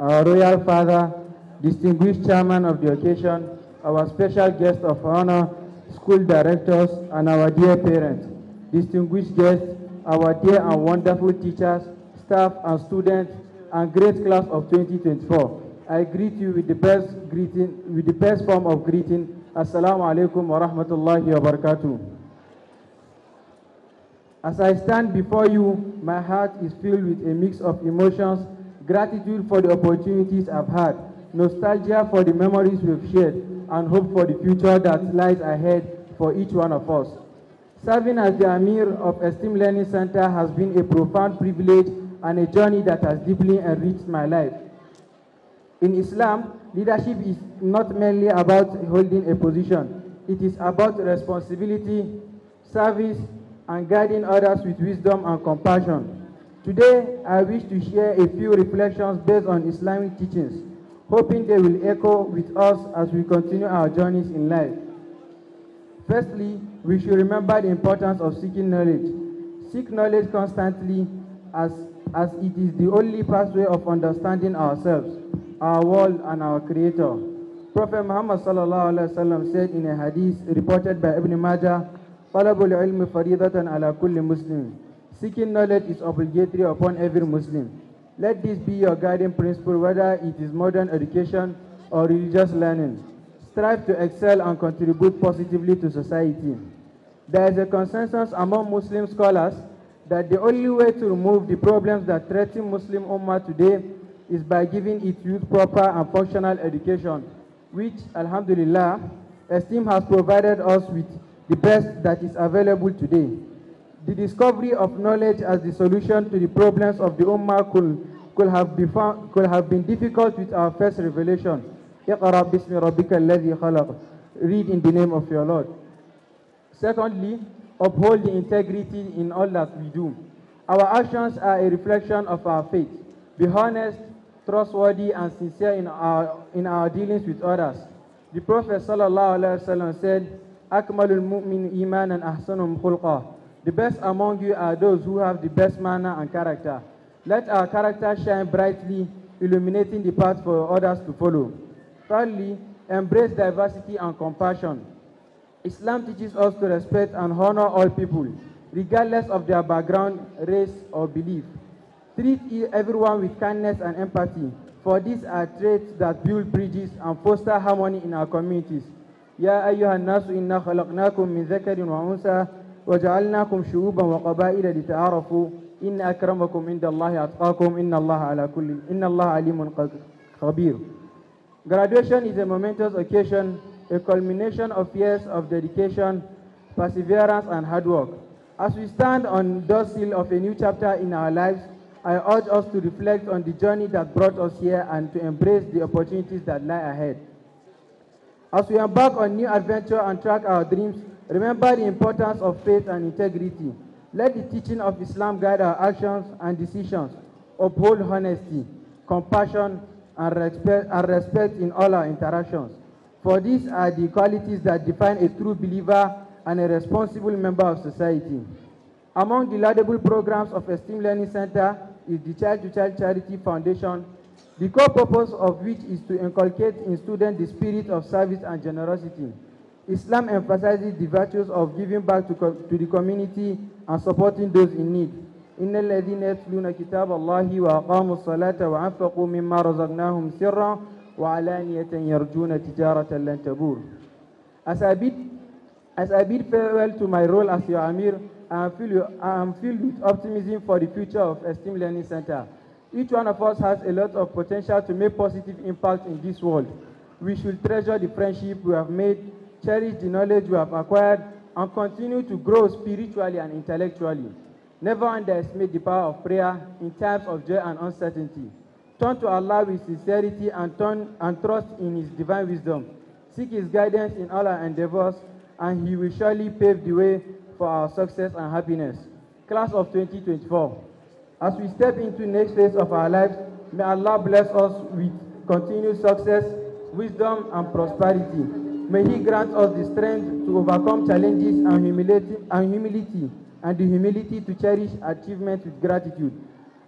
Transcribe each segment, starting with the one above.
our royal father, distinguished chairman of the occasion, our special guest of honor, school directors, and our dear parents, distinguished guests, our dear and wonderful teachers, staff, and students, and great class of 2024. I greet you with the best greeting, with the best form of greeting. Assalamu alaikum wa rahmatullahi wa barakatuh. As I stand before you, my heart is filled with a mix of emotions gratitude for the opportunities I've had, nostalgia for the memories we've shared, and hope for the future that lies ahead for each one of us. Serving as the Amir of Esteem Learning Center has been a profound privilege and a journey that has deeply enriched my life. In Islam, leadership is not merely about holding a position. It is about responsibility, service, and guiding others with wisdom and compassion. Today, I wish to share a few reflections based on Islamic teachings, hoping they will echo with us as we continue our journeys in life. Firstly, we should remember the importance of seeking knowledge. Seek knowledge constantly as, as it is the only pathway of understanding ourselves, our world, and our Creator. Prophet Muhammad وسلم, said in a hadith reported by Ibn Majah, طلب العلم فريضة على كل مسلم Seeking knowledge is obligatory upon every Muslim. Let this be your guiding principle, whether it is modern education or religious learning. Strive to excel and contribute positively to society. There is a consensus among Muslim scholars that the only way to remove the problems that threaten Muslim Ummah today is by giving its youth proper and functional education, which, alhamdulillah, Esteem has provided us with the best that is available today the discovery of knowledge as the solution to the problems of the Ummah could, could, have, be found, could have been difficult with our first revelation. Read in the name of your Lord. Secondly, uphold the integrity in all that we do. Our actions are a reflection of our faith. Be honest, trustworthy, and sincere in our, in our dealings with others. The Prophet ﷺ said, أكمل المؤمن إيمانا أحسنهم خلقا the best among you are those who have the best manner and character. Let our character shine brightly, illuminating the path for others to follow. Thirdly, embrace diversity and compassion. Islam teaches us to respect and honor all people, regardless of their background, race, or belief. Treat everyone with kindness and empathy, for these are traits that build bridges and foster harmony in our communities. وجعلناكم شعوبا وقبائل لتعارفوا إن أكرمكم عند الله أتقاكم إن الله على كل إن الله عليم خبير Graduation is a momentous occasion, a culmination of years of dedication, perseverance, and hard work. As we stand on the doorstep of a new chapter in our lives, I urge us to reflect on the journey that brought us here and to embrace the opportunities that lie ahead. As we embark on new adventure and track our dreams, Remember the importance of faith and integrity. Let the teaching of Islam guide our actions and decisions. Uphold honesty, compassion, and respect, and respect in all our interactions. For these are the qualities that define a true believer and a responsible member of society. Among the laudable programs of Esteem Learning Center is the Child to Child Charity Foundation, the core purpose of which is to inculcate in students the spirit of service and generosity. Islam emphasizes the virtues of giving back to, to the community and supporting those in need. إن الذين يتلون كتاب الله وأقاموا الصلاة وأنفقوا مما رزقناهم سرا وعلانية يرجون تجارة لن تبور. As I bid, as I bid farewell to my role as your Amir, I am, filled, I am filled with optimism for the future of Esteem Learning Center. Each one of us has a lot of potential to make positive impact in this world. We should treasure the friendship we have made cherish the knowledge you have acquired, and continue to grow spiritually and intellectually. Never underestimate the power of prayer in times of joy and uncertainty. Turn to Allah with sincerity and, turn, and trust in His divine wisdom. Seek His guidance in all our endeavors, and He will surely pave the way for our success and happiness. Class of 2024. As we step into next phase of our lives, may Allah bless us with continued success, wisdom, and prosperity. May He grant us the strength to overcome challenges and humility, and humility, and the humility to cherish achievements with gratitude.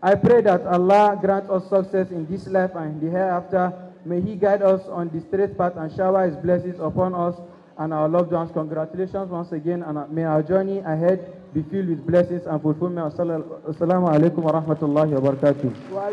I pray that Allah grant us success in this life and the hereafter. May He guide us on the straight path and shower His blessings upon us and our loved ones. Congratulations once again, and uh, may our journey ahead be filled with blessings and fulfillment. Assalamu alaikum wa rahmatullahi wa barakatuh.